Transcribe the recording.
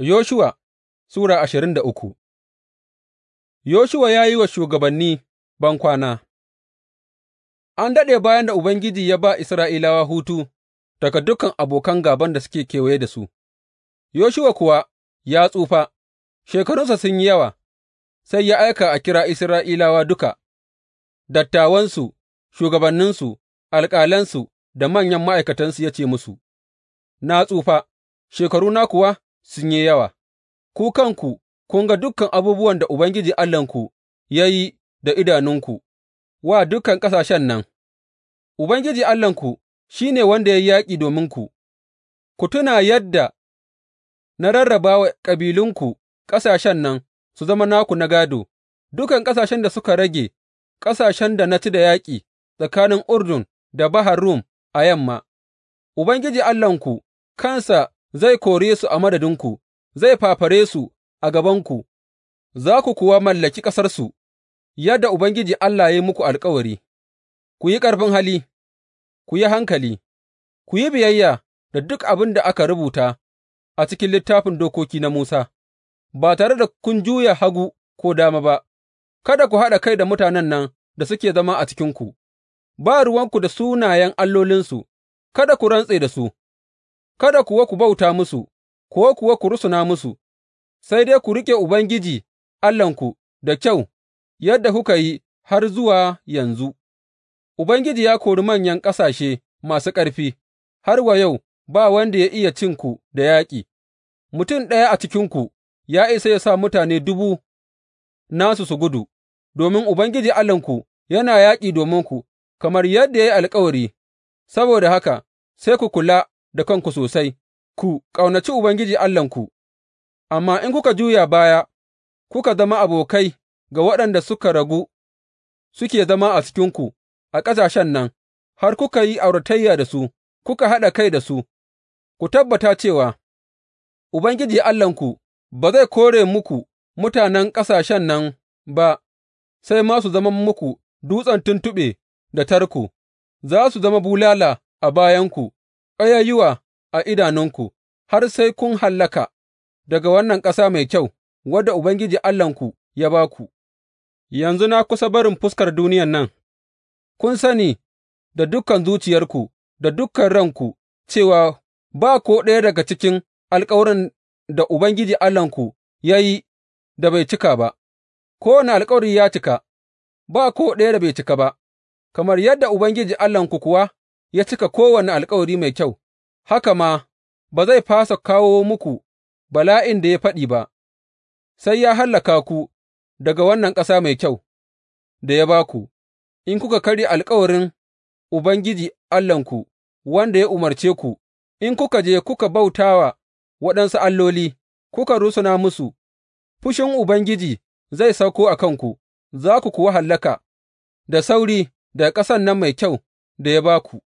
Yoshuwa Sura ashirin da uku Yoshuwa ya yi wa shugabanni bankwana An daɗe bayan da Ubangiji ya ba Isra'ilawa hutu daga dukan abokan gaban da suke kewaye da su, Yoshuwa kuwa ya tsufa, shekarunsa sun yi yawa, sai ya aika a kira Isra'ilawa duka, dattawansu, shugabanninsu, alƙalansu da manyan ma'aikatansu ya ce musu, Na tsufa, shekaruna kuwa. sun yi yawa, ku kanku kun ga dukan abubuwan da Ubangiji Allahnku ya yi da idanunku wa dukan ƙasashen nan, Ubangiji Allahnku shi ne wanda ya yi yaƙi dominku, ku tuna yadda na rarraba wa kabilunku ƙasashen nan su zama naku na gado. dukan ƙasashen da suka rage, ƙasashen da na ci da yaƙi tsakanin Urdun da Bahar Rum a yamma, Ubangiji Allahnku kansa zai kore su a madadinku, zai fafare su a gabanku, za ku kuwa mallaki ƙasarsu, yadda Ubangiji Allah ya yi muku alkawari, ku yi ƙarfin hali, ku yi hankali, ku yi biyayya da duk abin da aka rubuta a cikin littafin dokoki na Musa, ba tare da kun juya hagu ko dama ba, kada ku haɗa kai da mutanen nan da suke zama a cikinku, ba ruwanku da sunayen allolinsu, kada ku rantse da su. kada kuwa ku bauta musu, ko kuwa ku rusuna musu, sai dai ku riƙe Ubangiji Allahnku da kyau, yadda kuka yi har zuwa yanzu. Ubangiji ya kori manyan ƙasashe masu ƙarfi, har wa yau ba wanda ya iya cinku da yaƙi, mutum ɗaya a cikinku ya isa ya sa mutane dubu nasu su gudu, domin Ubangiji Allahnku yana yaƙi dominku, kamar yadda ya yi alkawari, saboda haka sai ku kula da kanku sosai, ku ƙaunaci Ubangiji Allahnku, amma in kuka juya baya, kuka zama abokai ga waɗanda suka ragu suke zama a cikinku a ƙasashen nan, har kuka yi auratayya da su, kuka haɗa kai da su, ku tabbata cewa Ubangiji Allahnku ba zai kore muku mutanen ƙasashen nan ba, sai ma su zama muku dutsen tuntuɓe da tarko, za su zama bulala a bayanku. ƙayayyuwa a idanunku har sai kun hallaka daga wannan ƙasa mai kyau wadda Ubangiji Allahnku ya ba ku, yanzu na kusa barin fuskar duniyan nan, kun sani da dukan zuciyarku da dukan ranku cewa ba ko ɗaya daga cikin alkawarin da Ubangiji Allahnku ya yi da bai cika ba, kowane alkawari ya cika, ba ko ɗaya da bai cika ba, kamar yadda Ubangiji Allahnku kuwa ya cika kowane alkawari mai kyau, haka ma ba zai fasa kawo muku bala'in da ya faɗi ba, sai ya hallaka ku daga wannan ƙasa mai kyau da ya ba ku, in kuka karya alkawarin Ubangiji Allahnku, wanda ya umarce ku, in kuka je kuka bauta wa waɗansu alloli, kuka rusuna musu, fushin Ubangiji zai sauko a kanku, za ku kuwa hallaka da sauri daga ƙasan nan mai kyau da ya ba ku.